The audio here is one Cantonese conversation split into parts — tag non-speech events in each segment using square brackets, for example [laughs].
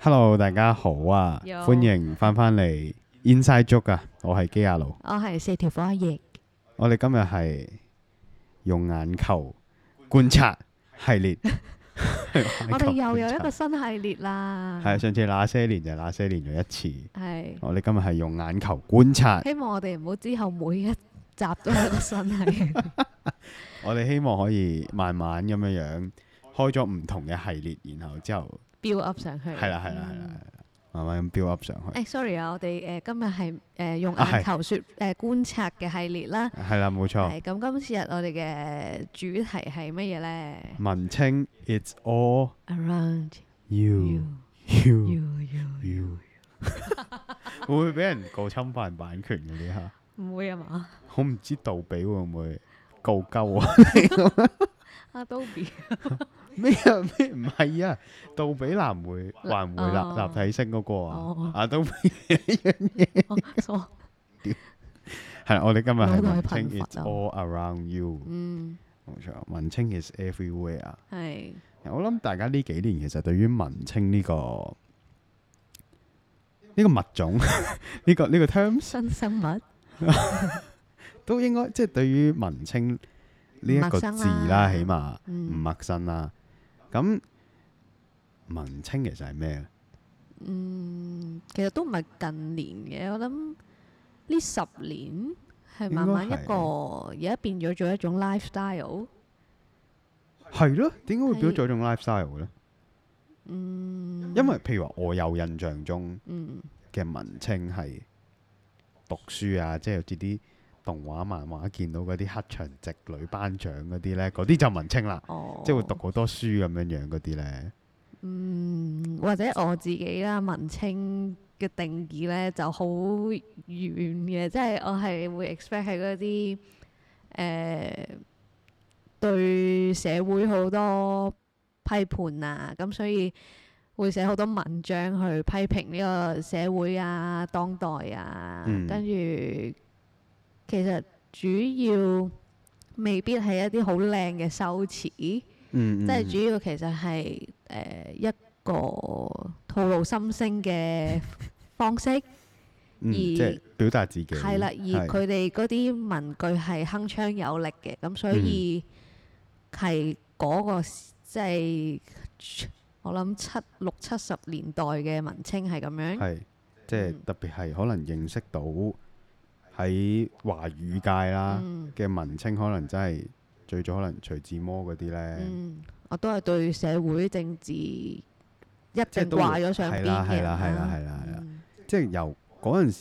hello，大家好啊！Yo, 歡迎翻返嚟 Inside Joke 啊！我係基亞路，我係四條火阿葉。我哋今日係用眼球觀察系列，察 [laughs] 我哋又有一個新系列啦。係 [laughs] 上次那些年就那些年有一次。係是我哋今日係用眼球觀察，希望我哋唔好之後每一集都係個新系列。 [laughs] [laughs] [laughs] 我哋希望可以慢慢咁樣樣開咗唔同嘅系列，然後之後。飆 up 上去，係啦係啦係啦係啦，慢慢咁飆 up 上去。誒，sorry 啊，我哋誒今日係誒用眼球說誒觀察嘅系列啦。係啦，冇錯。係咁，今次日我哋嘅主題係乜嘢咧？文青，It's all around you，you，you，you，會唔會俾人告侵犯版權嘅呢？吓，唔會啊嘛？我唔知杜比會唔會告鳩啊？Adobe 咩啊？咩唔係啊，杜比環迴環迴立立體聲嗰個啊，Adobe 一樣嘢。錯，係啦，我哋今日係文青，it's all around you。嗯，冇錯，文青 is everywhere。係，我諗大家呢幾年其實對於文青呢個呢個物種呢個呢個 terms 新生物都應該即係對於文青。呢一個字啦，起碼唔陌生啦。咁、嗯、文青其實係咩咧？嗯，其實都唔係近年嘅，我諗呢十年係慢慢一個，而家變咗做一種 lifestyle。係咯？點解會變咗做一種 lifestyle 嘅咧？嗯，因為譬如話，我有印象中，嘅文青係讀書啊，即係有啲啲。，動畫漫畫見到嗰啲黑長直女班長嗰啲呢，嗰啲就文青啦，Oh. 即係會讀好多書咁樣樣嗰啲呢。嗯，或者我自己啦，文青嘅定義呢就好遠嘅，即、就、係、是、我係會 expect 係嗰啲誒、呃、對社會好多批判啊，咁所以會寫好多文章去批評呢個社會啊、當代啊，嗯、跟住。其實主要未必係一啲好靚嘅修辭，嗯、即係主要其實係誒一個吐露心聲嘅方式，嗯、而即係表達自己係啦。了是而佢哋嗰啲文句係鏗鏘有力嘅，咁所以係嗰個即係、嗯、我諗七六七十年代嘅文青係咁樣，係即係特別係可能認識到。喺華語界啦嘅、嗯、文青，可能真係最早可能徐志摩嗰啲呢，我、嗯、都係對社會政治一直都掛咗上邊啦係啦係啦係啦，即係由嗰陣時，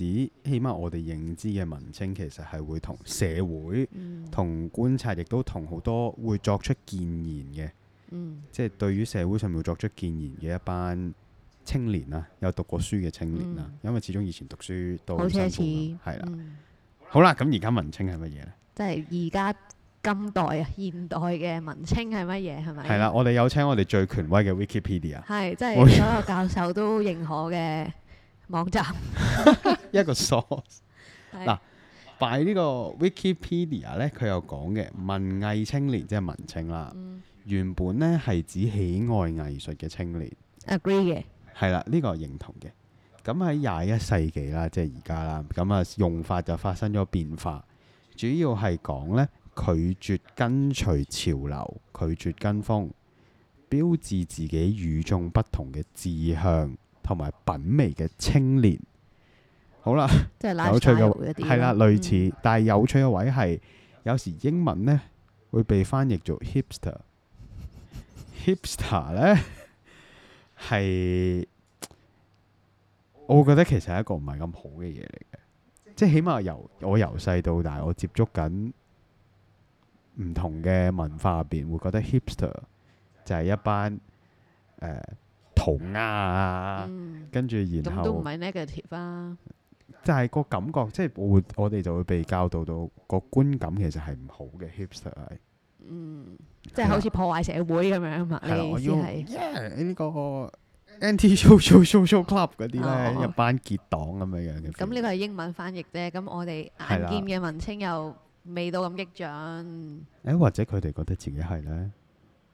起碼我哋認知嘅文青其實係會同社會同、嗯、觀察，亦都同好多會作出建言嘅，嗯、即係對於社會上面作出建言嘅一班青年啦，有讀過書嘅青年啦，嗯、因為始終以前讀書都辛苦，啦、嗯。嗯嗯。好啦，咁而家文青係乜嘢呢？即係而家今代啊、現代嘅文青係乜嘢？係咪？係啦，我哋有請我哋最權威嘅 Wikipedia，係 [laughs] 即係所有教授都認可嘅網站。 [laughs] [laughs] [laughs] 一個 source。嗱 [laughs] 是，但係呢個 Wikipedia 呢，佢有講嘅文藝青年即係、就是、文青啦。嗯、原本呢係指喜愛藝術嘅青年。Agree 嘅。係啦，呢、這個認同嘅。咁喺廿一世紀啦，即係而家啦，咁啊用法就發生咗變化，主要係講呢拒絕跟隨潮流、拒絕跟風，標誌自己與眾不同嘅志向同埋品味嘅青年。好啦，即有趣嘅，係啦，類似，嗯、但係有趣嘅位係，有時英文呢會被翻譯做 hipster，hipster [laughs] hip ster 呢係。 [laughs] 我會覺得其實係一個唔係咁好嘅嘢嚟嘅，即係起碼由我由細到大，我接觸緊唔同嘅文化入邊，會覺得 hipster 就係一班誒塗鴉啊，跟住然後咁都唔係 negative 啊，就係個感覺，即係我會我哋就會被教導到個觀感其實係唔好嘅 hipster 係，嗯，即係好似破壞社會咁樣啊嘛，係我要，yeah，呢個。NT Anti-social social club 嗰啲咧一班結黨咁樣樣嘅。咁呢個係英文翻譯啫。咁我哋眼見嘅文青又未到咁激進。誒，或者佢哋覺得自己係咧？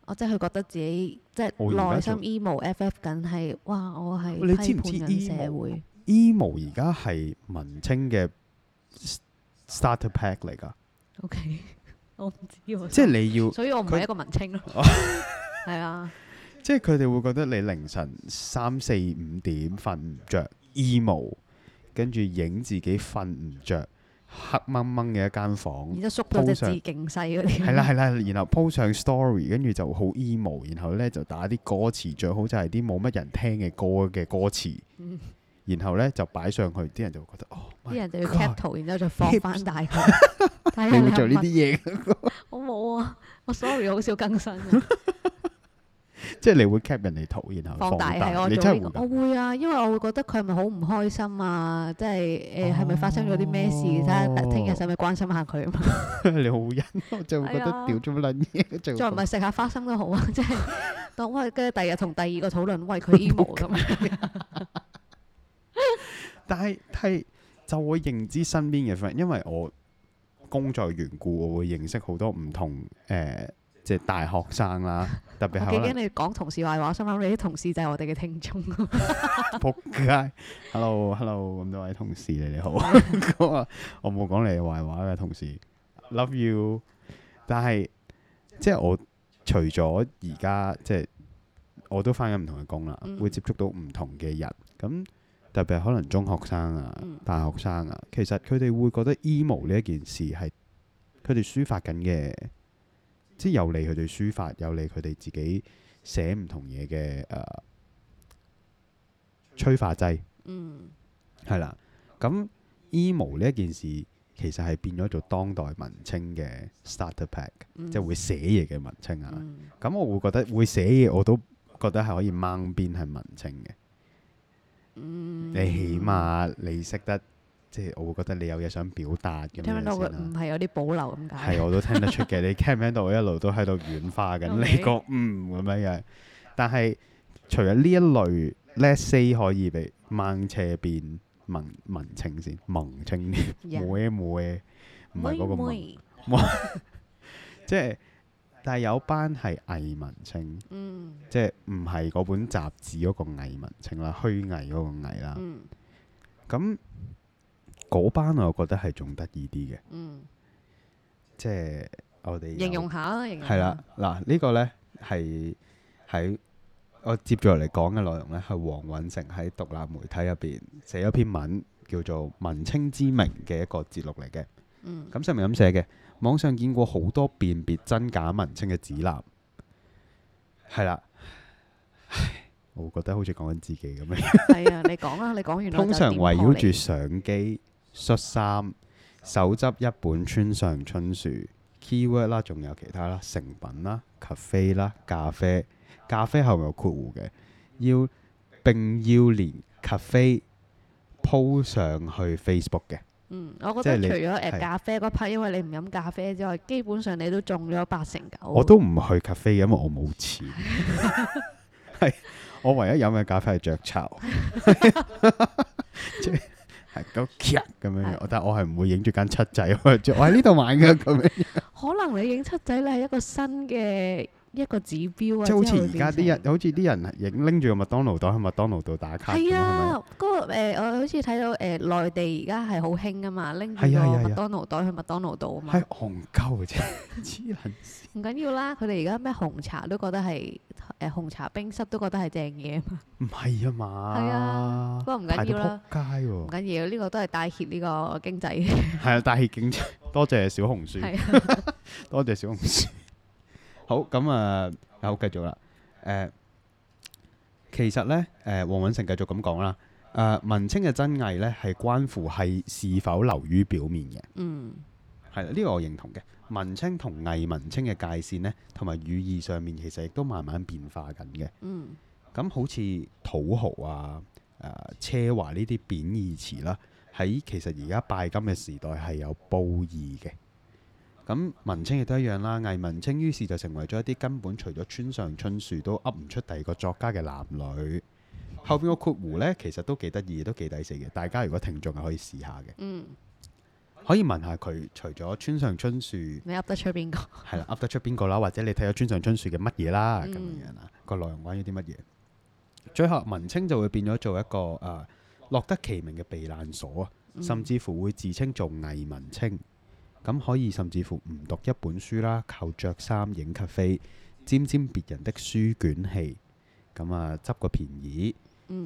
我即係佢覺得自己即係內心 emo ff 緊係，哇！我係批判人社會。你知唔知 emo 而家係文青嘅 starter pack 嚟噶。O K，我唔知喎。即係你要，所以我唔係一個文青咯。係啊。即係佢哋會覺得你凌晨三四五點瞓唔着 emo，跟住影自己瞓唔着，黑掹掹嘅一間房，然之後縮到隻字勁細嗰啲。係啦係啦，然後 po 上 story，跟住就好 emo，然後呢就打啲歌詞，最好就係啲冇乜人聽嘅歌嘅歌詞。然後呢就擺上去，啲人就會覺得哦。啲人要天就要 cap 圖， [laughs] 然之後再放翻大佢。你會做呢啲嘢？ [laughs] 我冇啊，我 sorry，好少更新。 [laughs] 即係你會 cap 人哋圖，然後放大，係我做呢個，我會啊，因為我會覺得佢係咪好唔開心啊？即係誒，係咪發生咗啲咩事？睇聽日使唔使關心下佢啊嘛？你好人，我就會覺得屌咗乜撚嘢。再唔係食下花生都好啊！即係當喂，跟住第日同第二個討論喂佢 emo 咁樣。但係係就我認知身邊嘅 friend，因為我工作緣故，我會認識好多唔同誒。即係大學生啦，特別係。我驚你講同事壞話，心諗你啲同事就係我哋嘅聽眾。仆 [laughs] 街 [laughs] ，Hello，Hello，咁多位同事你哋好。 [laughs] 我冇講你哋壞話嘅同事，Love you 但。但係即係我除咗而家，即係我都翻緊唔同嘅工啦，嗯、會接觸到唔同嘅人。咁特別係可能中學生啊、嗯、大學生啊，其實佢哋會覺得 emo 呢一件事係佢哋抒發緊嘅。即係有利佢哋書法，有利佢哋自己寫唔同嘢嘅，誒催化劑。嗯，係啦。咁 emo 呢一件事其實係變咗做當代文青嘅 starter pack，嗯，即係會寫嘢嘅文青，嗯，啊。咁我會覺得會寫嘢我都覺得係可以掹邊係文青嘅。嗯，你起碼你識得。即係我會覺得你有嘢想表達咁樣先啦。聽唔聽到唔係有啲保留咁解？ [laughs] 係我都聽得出嘅。你聽唔聽到我一路都喺度軟化緊你個嗯咁樣嘅？但係除咗呢一類 Let's say 可以俾掹斜變文文青先，青 Yeah. 欸欸、文青啲，冇嘅冇嘅，唔係嗰個萌。 [laughs] 即係但係有班係偽文青，嗯、即係唔係嗰本雜誌嗰個偽文青啦，虛偽嗰個偽啦，嗯，咁。嗰班我覺得係仲得意啲嘅，嗯、即係我哋形容下，形容下，係啦，嗱呢、這個呢，係喺我接住落嚟講嘅內容呢，係黃允成喺獨立媒體入邊寫咗篇文，叫做《文青之名》嘅一個節錄嚟嘅，咁上面咁寫嘅，網上見過好多辨別真假文青嘅指南，係啦，我覺得好似講緊自己咁樣，係啊，你講啊，你講完，通常圍繞住相機、恤衫，手執一本村上春樹 keyword 啦，仲有其他啦，成品啦，cafe 啦，咖啡，咖啡後邊有括弧嘅，要並要連 cafe PO 上去 Facebook 嘅。嗯，我覺得除咗誒咖啡嗰 part，因為你唔飲咖啡之外，基本上你都中咗八成九。我都唔去 cafe 因為我冇錢。係， [laughs] [laughs] [laughs] 我唯一飲嘅咖啡係雀巢。 [laughs] [laughs] 係咁樣，咁我但係我係唔會影住間七仔， [laughs] 我喺呢度買嘅咁樣。可能你影七仔，你係一個新嘅一個指標啊。即係好似而 [music] 家啲人，好似啲人影拎住個麥當勞袋去麥當勞度打卡。係啊，嗰吧、嗰個、呃、我好似睇到誒、呃、內地而家係好興啊嘛，拎住個麥當勞袋去麥當勞度啊嘛。係戇鳩嘅啫，黐恆線。 [laughs] 唔緊要啦，佢哋而家咩紅茶都覺得係誒、呃、紅茶冰室都覺得係正嘢啊嘛！唔、啊、係啊嘛，不過唔緊要啦，仆街，唔緊要，呢、這個都係帶挈呢個經濟嘅。係啊，帶挈經濟，多謝小紅書，啊、 [laughs] 多謝小紅書。 [laughs] 好，咁啊，好繼續啦。誒、呃，其實咧，誒、呃、黃允成繼續咁講啦。誒、呃，文青嘅真偽咧，係關乎係是，是，是否流於表面嘅。嗯，係啦，呢個我認同嘅。文青同偽文青嘅界線呢，同埋語義上面其實亦都慢慢變化緊嘅。嗯，咁好似土豪啊、誒、呃、奢華呢啲貶義詞啦，喺其實而家拜金嘅時代係有褒義嘅。咁文青亦都一樣啦，偽文青於是就成為咗一啲根本除咗村上春樹都噏唔出第二個作家嘅男女。後邊個括弧呢，其實都幾得意，都幾抵死嘅。大家如果聽眾係可以試下嘅。嗯。可以問下佢，除咗《村上春樹》，你噏得出邊個？係 [laughs] 啦，噏得出邊個啦？或者你睇下《村上春樹》嘅乜嘢啦？咁樣啦，個內容關於啲乜嘢？最後文青就會變咗做一個誒、啊，落得其名嘅避難所啊，甚至乎會自稱做偽文青。咁可以甚至乎唔讀一本書啦，靠着衫影咖啡，沾沾別人的書卷氣。咁啊，執個便宜，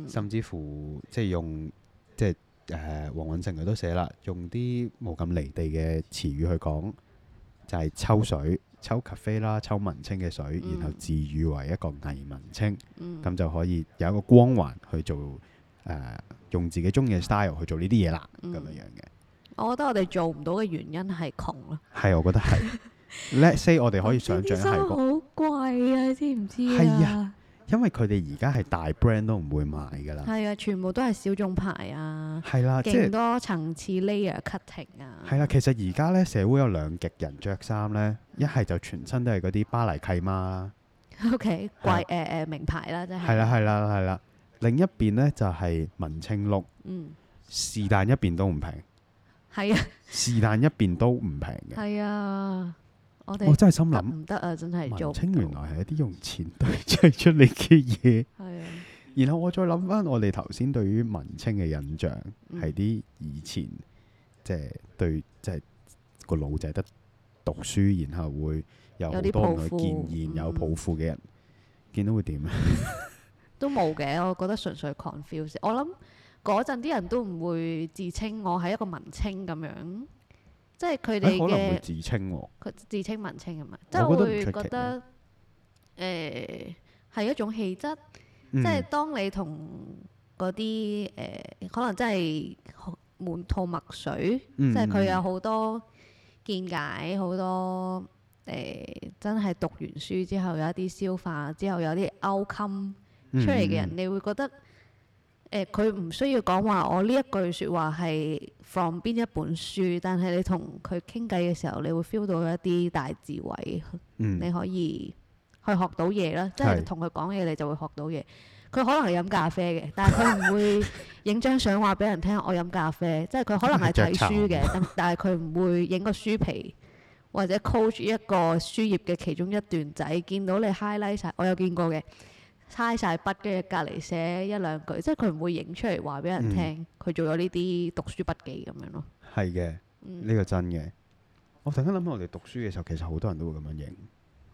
甚至乎即係用即誒黃韻成佢都寫啦，用啲冇咁離地嘅詞語去講，就係、是、抽水、抽咖啡啦、抽文青嘅水，然後自喻為一個偽文青，咁、mm. 就可以有一個光環去做誒、呃，用自己中意嘅 style 去做呢啲嘢啦咁樣樣嘅。我覺得我哋做唔到嘅原因係窮咯，係我覺 [laughs] 得係。Let's say 我哋可以想像係好貴啊，你知唔知啊？因為佢哋而家係大 brand 都唔會買㗎啦，係啊，全部都係小眾牌啊，係啦，勁多層次 layer cutting 啊，係啦，其實而家呢社會有兩極人着衫呢，一係就全身都係嗰啲巴黎契媽啦、啊、，OK 貴誒誒名牌、啊就是、啦，真係，係啦係啦係啦，另一邊呢，就係、是、文青 look 嗯，是但一邊都唔平，係啊，是但 [laughs] 一邊都唔平嘅，係啊。我真係心諗唔得啊！真係，文青原來係一啲用錢堆砌出嚟嘅嘢。然後我再諗翻我哋頭先對於文青嘅印象係啲以前即係對即係、就係、個腦仔得讀書，然後會有好多人去見賢有抱負嘅人，見到會點啊？ [laughs] 都冇嘅，我覺得純粹 confuse。我諗嗰陣啲人都唔會自稱我係一個文青咁樣。即係佢哋自嘅、哦，佢自稱文青係咪？即係會覺得誒係、呃、一種氣質。嗯、即係當你同嗰啲誒可能真係滿肚墨水，嗯、即係佢有好多見解，好多誒、呃、真係讀完書之後有一啲消化之後有啲 o 襟出嚟嘅人，嗯、你會覺得。佢唔、欸、需要講話，我呢一句説話係 from 邊一本書，但係你同佢傾偈嘅時候，你會 feel 到一啲大智慧，嗯、你可以去學到嘢啦。是即係同佢講嘢，你就會學到嘢。佢可能係飲咖啡嘅，但係佢唔會影張相話俾人聽我飲咖啡。 [laughs] 即係佢可能係睇書嘅， [laughs] 但係佢唔會影個書皮或者 cut 一個書頁嘅其中一段仔，見到你 highlight，我有見過嘅。嘥晒筆，跟住隔離寫一兩句，即係佢唔會影出嚟話俾人聽。佢、嗯、做咗呢啲讀書筆記咁樣咯。係嘅的，呢個、嗯、真嘅。我突然間諗起我哋讀書嘅時候，其實好多人都會咁樣影。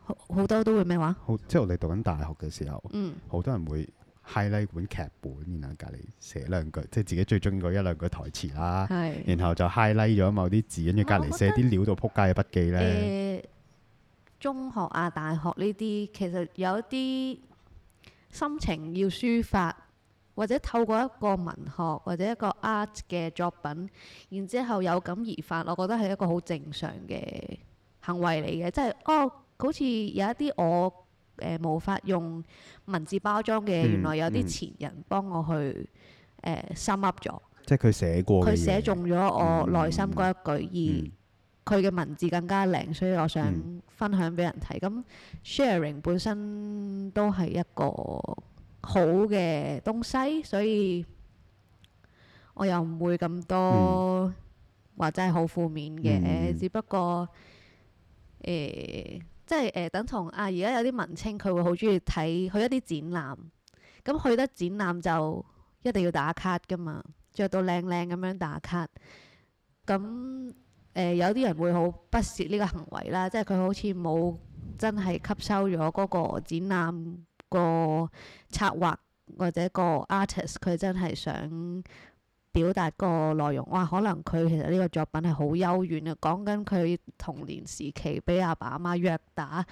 好多都會咩話？好，即係我哋讀緊大學嘅時候，好、嗯、多人會 highlight 本劇本，然後隔離寫兩句，即係自己最中意嗰一兩句台詞啦的。然後就 highlight 咗某啲字，跟住隔離寫啲料到撲街嘅筆記呢。中學啊，大學呢啲其實有一啲。心情要抒發，或者透過一個文學或者一個 art 嘅作品，然之後有感而發，我覺得係一個好正常嘅行為嚟嘅，即係，哦，好似有一啲我誒、呃、無法用文字包裝嘅，原來有啲前人幫我去 sum up 咗，即係佢寫過，佢寫中咗我內心嗰一句意。佢嘅文字更加靚，所以我想分享俾人睇。咁 sharing 本身都係一個好嘅東西，所以我又唔會咁多話真係好負面嘅。嗯，只不過誒，呃，即係誒，呃，等同啊，而家有啲文青，佢會好中意睇去一啲展覽。咁去得展覽就一定要打卡㗎嘛，着到靚靚咁樣打卡。咁誒、呃、有啲人會好不屑呢個行為啦，即係佢好似冇真係吸收咗嗰個展覽個策劃或者個 artist，佢真係想表達個內容。哇，可能佢其實呢個作品係好幽怨啊，講緊佢童年時期俾阿爸阿媽虐打、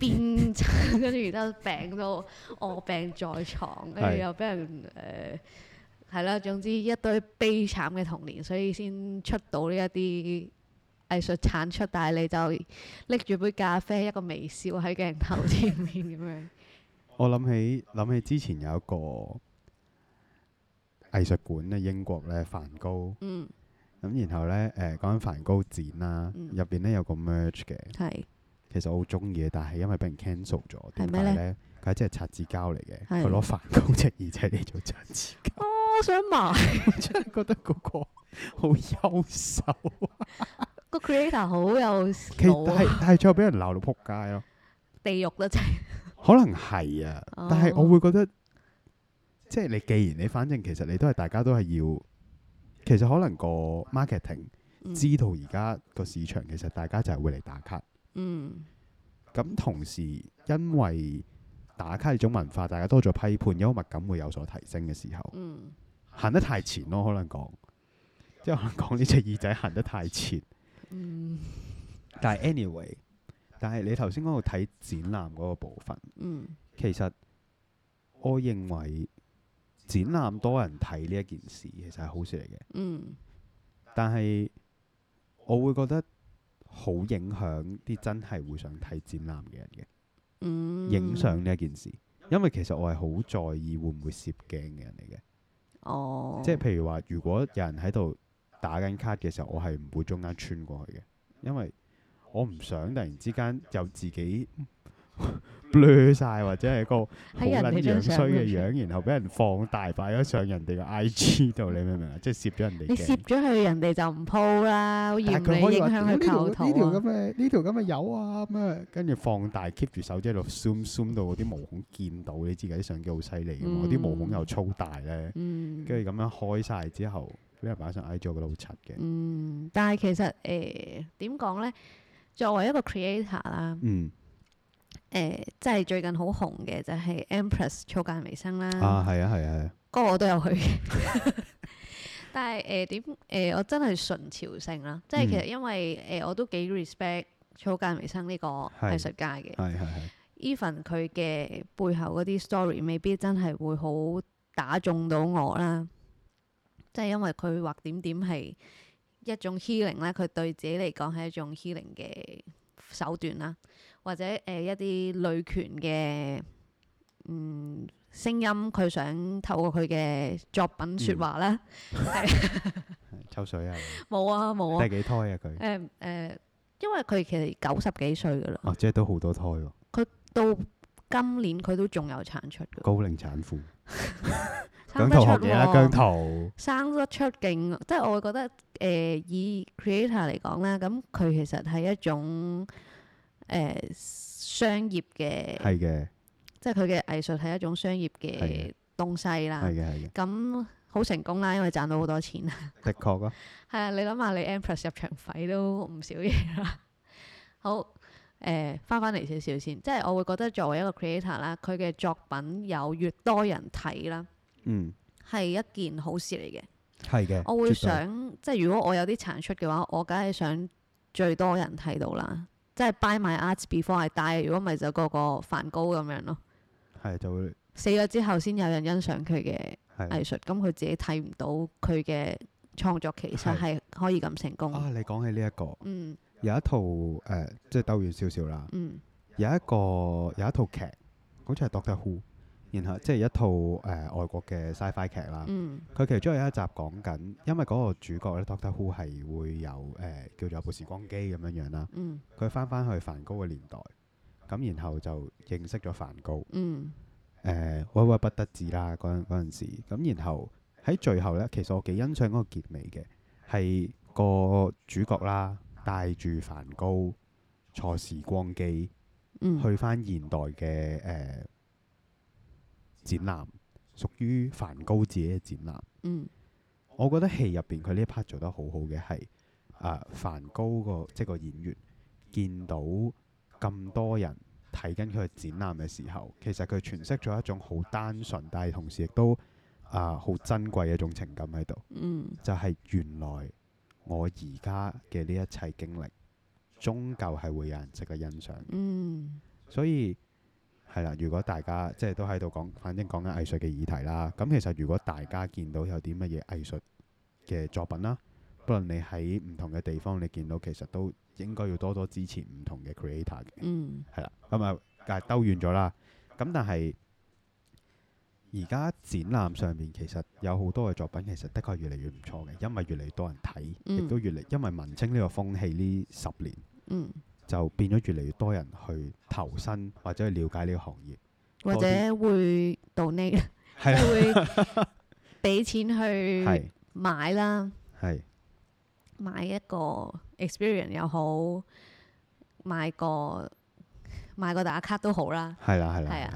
鞭打，跟住而家病到臥病在床，跟住 [laughs] 又俾人誒。呃係啦，總之一堆悲慘嘅童年，所以先出到呢一啲藝術產出。但係你就拎住杯咖啡，一個微笑喺鏡頭前面咁樣。 [laughs] 我諗起諗起之前有一個藝術館咧，英國咧，梵高。咁、嗯、然後咧，誒講緊梵高展啦，入邊咧有個 merge 嘅，係、嗯、其實我好中意嘅，但係因為俾人 cancel 咗，點解咧？佢係真係擦字膠嚟嘅，佢攞梵高隻耳仔嚟做擦字膠。是的 [laughs] 我想買， [laughs] 我真係覺得嗰個好優秀啊！ [laughs] [laughs] [laughs] 個 creator 好有，其實 [laughs] 但係最後俾人鬧到仆街咯，地獄啦真係， [laughs] 可能係啊，但係我會覺得，即係你既然你反正其實你都係大家都係要，其實可能個 marketing 知道而家個市場、嗯、其實大家就係會嚟打卡，嗯，咁同時因為打卡呢種文化，大家多咗批判，幽默感會有所提升嘅時候，嗯。行得太前咯，可能講即係可能講呢隻耳仔行得太前，嗯、 [laughs] 但係 anyway，但係你頭先講到睇展覽嗰個部分，嗯、其實我認為展覽多人睇呢一件事其實係好事嚟嘅，嗯、但係我會覺得好影響啲真係會想睇展覽嘅人嘅，影相呢一件事，因為其實我係好在意會唔會攝鏡嘅人嚟嘅。哦，即係譬如話，如果有人喺度打緊卡嘅時候，我係唔會中間穿過去嘅，因為我唔想突然之間有自己。 [laughs] 擸曬或者係個好撚樣衰嘅樣，然後俾人放大擺咗上人哋嘅 IG 度，你明唔明啊？即係攝咗人哋。你攝咗佢，人哋就唔 po 啦，嚴重影響佢構圖。但佢可以話呢條咁嘅呢條咁嘅有啊，咁啊跟住放大 keep 住手機喺度 zoom zoom 到啲毛孔見到，你自己啲相機好犀利嘅嘛？啲毛孔又粗大咧，跟住咁樣開晒之後，俾人擺上 IG 都覺得好柒嘅。嗯，但係其實誒點講咧？作為一個 creator 啦，嗯。嗯。誒，即係、欸、最近好紅嘅就係、是、Empress 草間彌生啦。啊，係啊，係啊，係啊。嗰個我都有去， [laughs] 但係誒點誒，我真係順潮性啦。嗯、即係其實因為誒、呃，我都幾 respect 草間彌生呢個藝術家嘅。Even 佢嘅背後嗰啲 story，未必真係會好打中到我啦。即係因為佢畫點點係一種 healing 咧，佢對自己嚟講係一種 healing 嘅手段啦。或者誒、呃、一啲女權嘅嗯聲音，佢想透過佢嘅作品説話啦。係抽水啊！冇 [laughs] 啊，冇啊！第幾胎啊佢？誒誒、呃呃，因為佢其實九十幾歲噶啦。哦，即係都好多胎喎。佢到今年佢都仲有產出。高齡產婦。生得出㗎，姜頭。生得出勁，即係我會覺得誒、呃，以 creator 嚟講啦，咁佢其實係一種。誒、呃、商業嘅的即係佢嘅藝術係一種商業嘅東西啦。咁好成功啦，因為賺到好多錢啊！的確啊，係啊！ [laughs] 你諗下，你 M+ 入場費都唔少嘢啦。好誒，翻返嚟少少先，即係我會覺得作為一個 creator 啦，佢嘅作品有越多人睇啦，嗯，係一件好事嚟嘅。的我會想，對即係如果我有啲產出嘅話，我梗係想最多人睇到啦。即係 buy my art before I die，如果唔係就個個梵高咁樣咯。係，就會死咗之後先有人欣賞佢嘅藝術，咁佢的自己睇唔到佢嘅創作其實係可以咁成功。啊，你講起呢一個，嗯，有一套誒，即係兜完少少啦，嗯，有一個有一套劇，好似係 Doctor Who。然後即係一套誒、呃、外國嘅 sci-fi 劇啦。佢、嗯、其中有一集講緊，因為嗰個主角咧 Doctor Who 係會有誒、呃、叫做部時光機咁樣樣啦。佢翻返去梵高嘅年代，咁然後就認識咗梵高。誒、嗯，屈屈、呃、不得志啦嗰陣嗰時。咁然後喺最後呢，其實我幾欣賞嗰個結尾嘅，係個主角啦帶住梵高坐時光機、嗯、去翻現代嘅誒、呃展覽屬於梵高自己嘅展覽。嗯、我覺得戲入邊佢呢一 part 做得好好嘅係，梵高個即係個演員見到咁多人睇緊佢嘅展覽嘅時候，其實佢詮釋咗一種好單純，但係同時亦都啊好珍貴嘅一種情感喺度。嗯、就係原來我而家嘅呢一切經歷，終究係會有人值得欣賞。嗯、所以。係啦，如果大家即係都喺度講，反正講緊藝術嘅議題啦。咁其實如果大家見到有啲乜嘢藝術嘅作品啦，無論你喺唔同嘅地方，你見到其實都應該要多多支持唔同嘅 creator 嘅。嗯。係啦，咁啊，但係兜遠咗啦。咁但係而家展覽上面其實有好多嘅作品，其實的確越嚟越唔錯嘅，因為越嚟越多人睇，亦都越嚟，因為文青呢個風氣呢十年。嗯嗯就變咗越嚟越多人去投身或者去了解呢個行業，或者會 donate 呢， [laughs] [laughs] 會俾錢去買啦，的買一個 experience 又好，買個買個打卡都好啦。係啦，係啦，係啊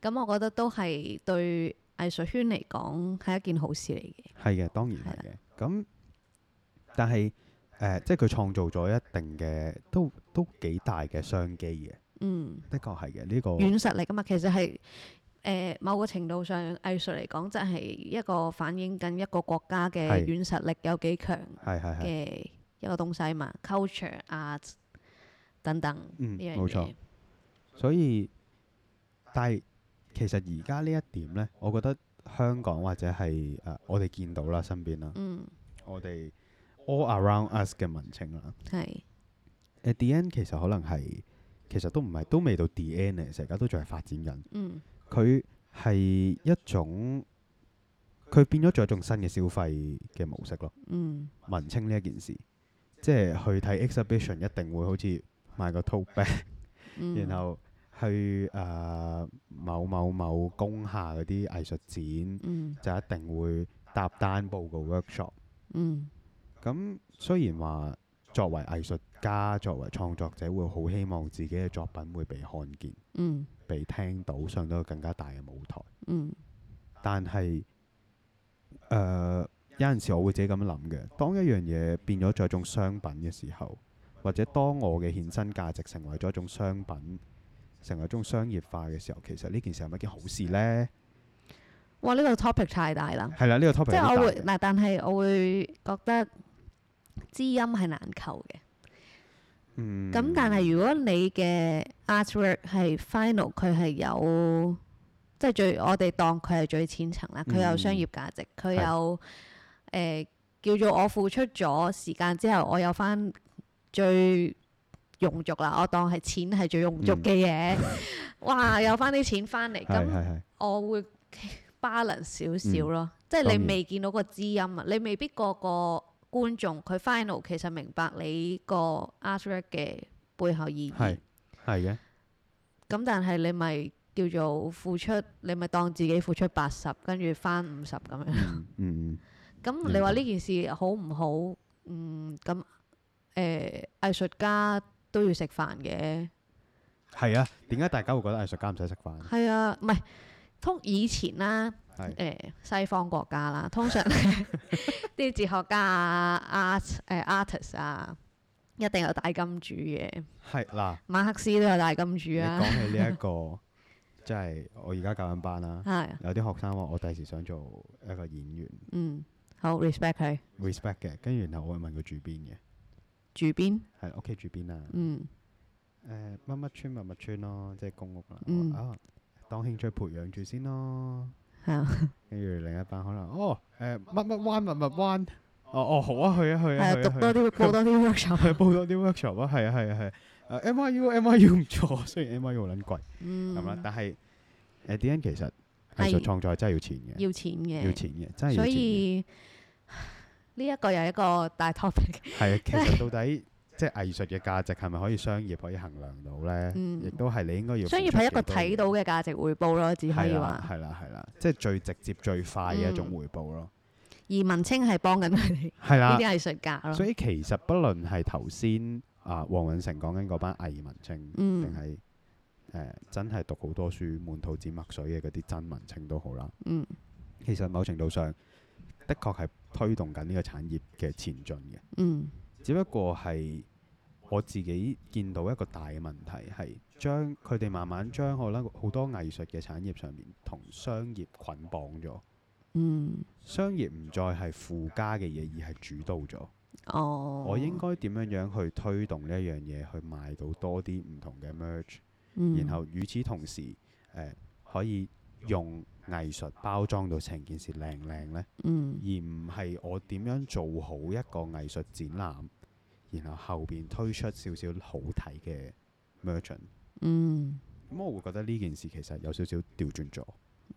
的！咁我覺得都係對藝術圈嚟講係一件好事嚟嘅。係嘅，當然係嘅。咁的但係、呃、即係佢創造咗一定嘅都。都幾大嘅商機嘅，嗯，的確係嘅，呢個軟實力啊嘛，其實係誒、呃、某個程度上藝術嚟講，即係一個反映緊一個國家嘅軟實力有幾強嘅一個東西嘛，culture、art、嗯、等等，呢樣嘢。冇錯，所以但係其實而家呢一點呢，我覺得香港或者係誒、呃、我哋見到啦，身邊啦，嗯、我哋 all around us 嘅文青啦，係。誒 D.N. 其實可能係其實都唔係都未到 D.N. 嚟，成家都仲係發展緊。佢係、嗯、一種佢變咗咗一種新嘅消費嘅模式咯。嗯、文青呢一件事，即係去睇 exhibition 一定會好似買個、tote、bag，、嗯、 [laughs] 然後去誒、uh, 某某某工廈嗰啲藝術展，嗯、就一定會搭單報個 workshop。嗯，咁、嗯、雖然話。作為藝術家、作為創作者，會好希望自己嘅作品會被看見、嗯、被聽到，上到更加大嘅舞台。嗯、但係、呃，有陣時我會自己咁樣諗嘅。當一樣嘢變咗咗一種商品嘅時候，或者當我嘅衍生價值成為咗一種商品，成為一種商業化嘅時候，其實呢件事係咪一件好事呢？哇！呢、呢個 topic 太大啦。係、這、啦、個，呢個 topic 即係我會嗱，的但係我會覺得。知音係難求嘅，咁、嗯、但係如果你嘅 artwork 係 final，佢係有即係、就是、最我哋當佢係最淺層啦，佢有商業價值，佢、嗯、有誒、呃、叫做我付出咗時間之後，我有翻最用俗啦，我當係錢係最用俗嘅嘢，嗯、 [laughs] 哇有翻啲錢翻嚟咁，嗯、我會巴 a 少少咯，嗯、即係你未見到個知音啊，嗯、你未必個個。觀眾佢 final 其實明白你個 artwork 嘅背後意義，係嘅。咁但係你咪叫做付出，你咪當自己付出八十，跟住翻五十咁樣。嗯咁、嗯、 [laughs] 你話呢件事好唔好？嗯，咁誒、嗯呃、藝術家都要食飯嘅。係啊，點解大家會覺得藝術家唔使食飯？係啊，唔係，通以前啦。誒西方國家啦，通常啲哲學家啊、art 誒 artist 啊，一定有大金主嘅。係嗱，馬克思都有大金主啊。你講起呢一個，即係我而家教緊班啦。係有啲學生話：我第時想做一個演員。嗯，好 respect 佢。respect 嘅，跟住然後我會問佢住邊嘅？住邊？係屋企住邊啊？嗯。乜乜村咪乜村咯，即係公屋啦。嗯。啊，當興趣培養住先咯。係啊，跟住另一班可能，哦，誒乜乜灣乜乜灣，哦哦好啊去啊去啊，係讀多啲，報多啲 workshop，報多啲 workshop 係係係，誒 Miu Miu 唔錯，雖然 Miu 撚貴，係嘛？但係誒啲其實藝術創作真係要錢嘅，要錢嘅，要錢嘅，真係要錢。所以呢一個又一個大 topic，係啊，其實到底。即係藝術嘅價值係咪可以商業可以衡量到呢？嗯、亦都係你應該要商業係一個睇到嘅價值回報咯，只可以話係啦，係啦，即係最直接最快嘅一種回報咯。嗯、而文青係幫緊佢哋，係啦呢，啲藝術家所以其實不論係頭先啊黃允成講緊嗰班藝文青，定係、嗯呃、真係讀好多書、滿肚子墨水嘅嗰啲真文青都好啦。嗯、其實某程度上，的確係推動緊呢個產業嘅前進嘅、嗯。只不過係。我自己見到一個大問題係將佢哋慢慢將我咧好多藝術嘅產業上面同商業捆綁咗。嗯、商業唔再係附加嘅嘢，而係主導咗。哦、我應該點樣樣去推動呢一樣嘢去賣到多啲唔同嘅 merch，嗯、然後與此同時、呃、可以用藝術包裝到成件事靚靚呢，嗯、而唔係我點樣做好一個藝術展覽。然後後邊推出少少好睇嘅 merchandise，嗯，咁我會覺得呢件事其實有少少調轉咗，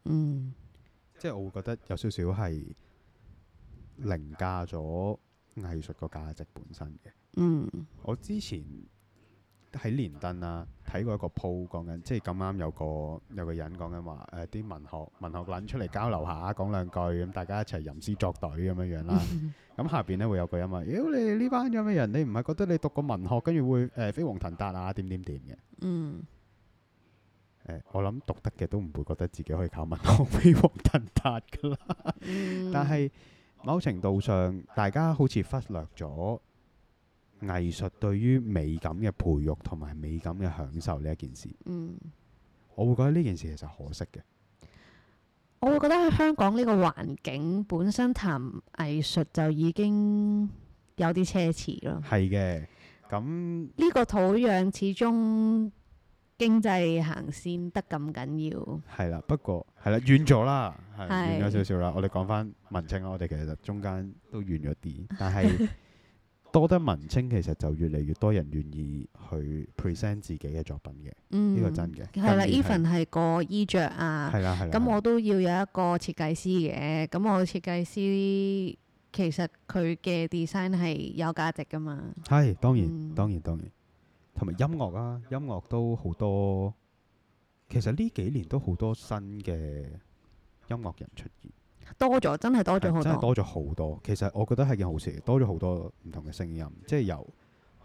嗯，即係我會覺得有少少係凌駕咗藝術個價值本身嘅，嗯，我之前。喺連登啊，睇過一個 po 講緊，即係咁啱有個有個人講緊話誒，啲文學文學撚出嚟交流下，講兩句咁，大家一齊吟詩作對咁樣樣啦。咁下邊呢會有句啊嘛，妖你哋呢班咁嘅人，你唔係覺得你讀個文學跟住會誒飛黃騰達啊點點點嘅？嗯。誒，我諗讀得嘅都唔會覺得自己可以靠文學飛黃騰達㗎喇。但係某程度上，大家好似忽略咗。藝術對於美感嘅培育同埋美感嘅享受呢一件事，嗯，我會覺得呢件事其實可惜嘅。我會覺得喺香港呢個環境本身談藝術就已經有啲奢侈咯。係嘅，咁呢個土壤始終經濟行先得咁緊要。係啦，不過係啦，的遠咗啦，係遠咗少少啦。我哋講翻文青，我哋其實中間都遠咗啲，但係。 [laughs] 多得文青，其實就越嚟越多人願意去 present 自己嘅作品嘅，呢、嗯、個真嘅。係啦，even 係個衣著啊，係啦，係啦，咁我都要有一個設計師嘅，咁我設計師其實佢嘅 design 係有價值噶嘛。係當然當然當然，同埋、嗯、音樂啊，音樂都好多，其實呢幾年都好多新嘅音樂人出現。多咗，真係多咗好多，多咗好多。其實我覺得係件好事，多咗好多唔同嘅聲音，即係由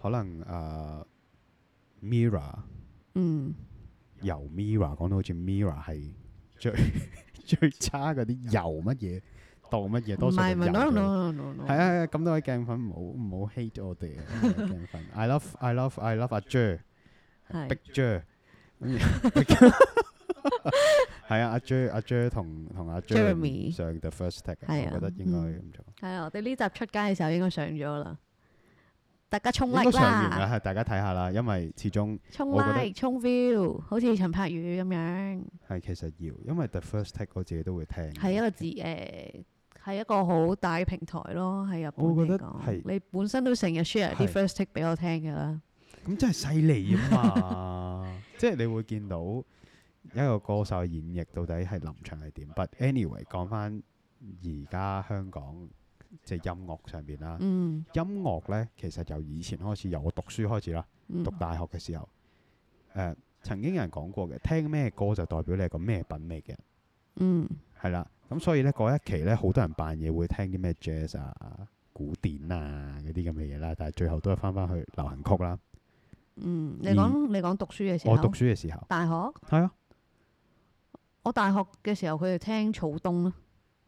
可能誒、呃、，Mira，r 嗯，由 m i r r o r 講到好似 Mira r 係最油最差嗰啲，由乜嘢當乜嘢，多係唔係 n 啊，咁多位鏡粉唔好唔好 hate 我哋，啊，鏡粉，I love I love I love 阿 J，b i g J。係 [laughs] 啊，阿 Jo，阿 Jo 同同阿 j y、er er、上，上 The First Take， [noise] 啊、我覺得應該咁做。係啊，我哋呢集出街嘅時候應該上咗啦，大家衝力啦。上完啦、嗯，大家睇下啦，因為始終我覺得衝 view，好似陳柏宇咁樣。係，其實要，因為 The First Take 我自己都會聽。係一個字，誒 okay?、呃，係一個好大嘅平台咯，喺日本。我覺得係，你本身都成日 share 啲 First 是 Take 俾我聽噶啦。咁真係犀利啊嘛，即係 [laughs] 你會見到。一個歌手演繹到底係臨場係點？t a n y w a y 講翻而家香港即係音樂上邊啦。嗯、音樂呢，其實由以前開始，由我讀書開始啦，嗯、讀大學嘅時候、呃，曾經有人講過嘅，聽咩歌就代表你係個咩品味嘅。嗯，係啦，咁所以呢，嗰一期呢，好多人扮嘢會聽啲咩 jazz 啊、古典啊嗰啲咁嘅嘢啦，但係最後都係翻翻去流行曲啦。嗯，你講而 你講讀書嘅時候，我讀書嘅時候，大學係啊。我大學嘅時候，佢哋聽草東、啊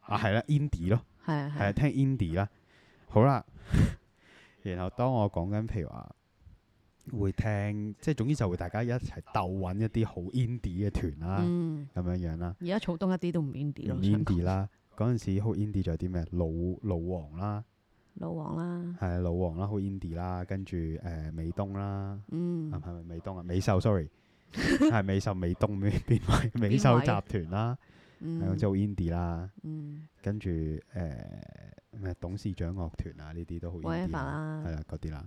啊、咯。啊，係啦 indie 咯。係啊，係啊，聽 indie 啦。好啦， [laughs] 然後當我講緊，譬如話會聽，即係總之就會大家一齊鬥揾一啲好 indie 嘅團啦、啊，咁、嗯、樣樣啦、啊。而家草東一啲都唔 indie、嗯、想 indie 咯。唔 indie 啦，嗰陣時好 indie 仲有啲咩？老老王啦，老王啦，係老王啦，好 indie 啦，跟住誒、呃、美東啦，係咪、嗯、美東啊？美秀，sorry，美秀，美秀，sorry。係美秀美東變為美秀集團啦，係嗰啲好 indie 啦，跟住誒咩董事長樂團啊呢啲都好 indie 啦，係啦嗰啲啦。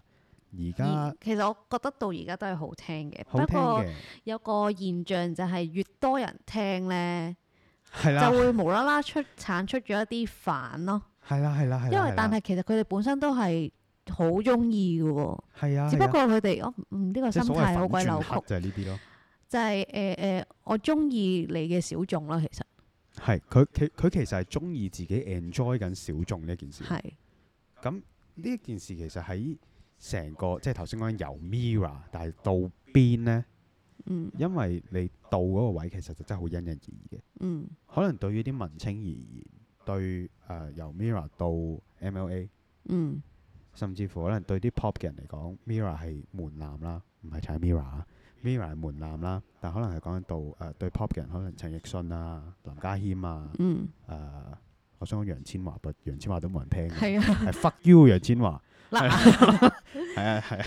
而家其實我覺得到而家都係好聽嘅，不過有個現象就係越多人聽咧，就會無啦啦出產出咗一啲反咯，係啦係啦係啦。因為但係其實佢哋本身都係好中意嘅喎，係啊，只不過佢哋哦嗯呢個心態好鬼扭曲，就係呢啲咯。就係誒誒，我中意你嘅小眾啦，其實係佢佢佢其實係中意自己 enjoy 緊小眾呢件事。係咁呢一件事其實喺成個即係頭先講由 Mirror，但係到邊呢？嗯、因為你到嗰個位其實就真係好因人而異嘅。嗯、可能對於啲文青而言，對誒、呃、由 Mirror 到 MLA、嗯、甚至乎可能對啲 pop 嘅人嚟講，Mirror 係門檻啦，唔係踩 Mirror。Vera 係門檻啦，但可能係講到誒對 pop 嘅人，可能陳奕迅啊、林家謙啊，誒，我想講楊千嬅，楊千嬅都冇人聽嘅，係啊，係 fuck you 楊千嬅，係啊係啊，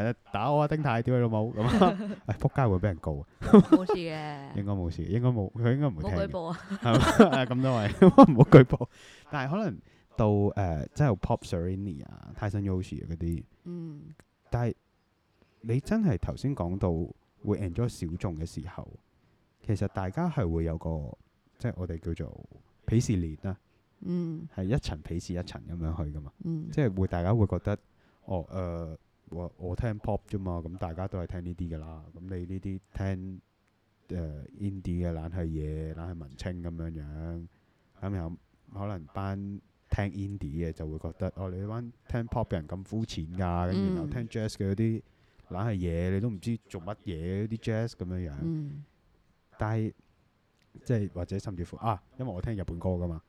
誒打我啊丁太，屌你老母咁啊，誒撲街會俾人告，冇事嘅，應該冇事，應該冇，佢應該唔會聽。冇舉報咁多位唔好舉報，但係可能到誒真係 pop Serrini 啊 Tyson Yoshi 嗰啲，嗯，但係。你真係頭先講到會 enjoy 小眾嘅時候，其實大家係會有個即係我哋叫做鄙視鏈啦，係、嗯、一層鄙視一層咁樣去噶嘛，嗯、即係會大家會覺得哦誒、呃、我我聽 pop 啫嘛，咁大家都係聽呢啲噶啦，咁、嗯、你呢啲聽誒、呃、indie 嘅懶係嘢懶係文青咁樣樣，咁有可能班聽 indie 嘅就會覺得哦你班聽 pop 嘅人咁膚淺噶、啊，咁然後聽 jazz 嘅嗰啲。懶係嘢，你都唔知做乜嘢，啲 jazz 咁樣樣。但係即係或者甚至乎啊，因為我聽日本歌㗎嘛，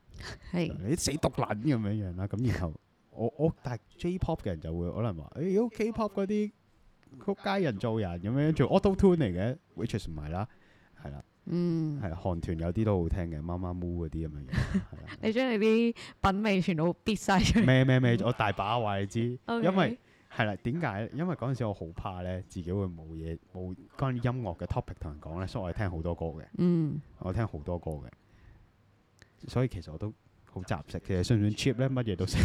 你死毒撚咁樣樣啦。咁然後我我，但係 J-pop 嘅人就會可能話，誒，K-pop 嗰啲曲家人做人咁樣做 auto tune 嚟嘅，which is 唔係啦，係啦，嗯，係韓團有啲都好聽嘅，Mamamoo 嗰啲咁樣樣。你將你啲品味全部撇曬出嚟。咩咩咩，我大把話你知，因為。係啦，點解咧？因為嗰陣時我好怕咧，自己會冇嘢冇關於音樂嘅 topic 同人講咧，所以我係聽好多歌嘅。嗯，我聽好多歌嘅，所以其實我都好雜食嘅。其實算唔算 cheap 咧？乜嘢都食、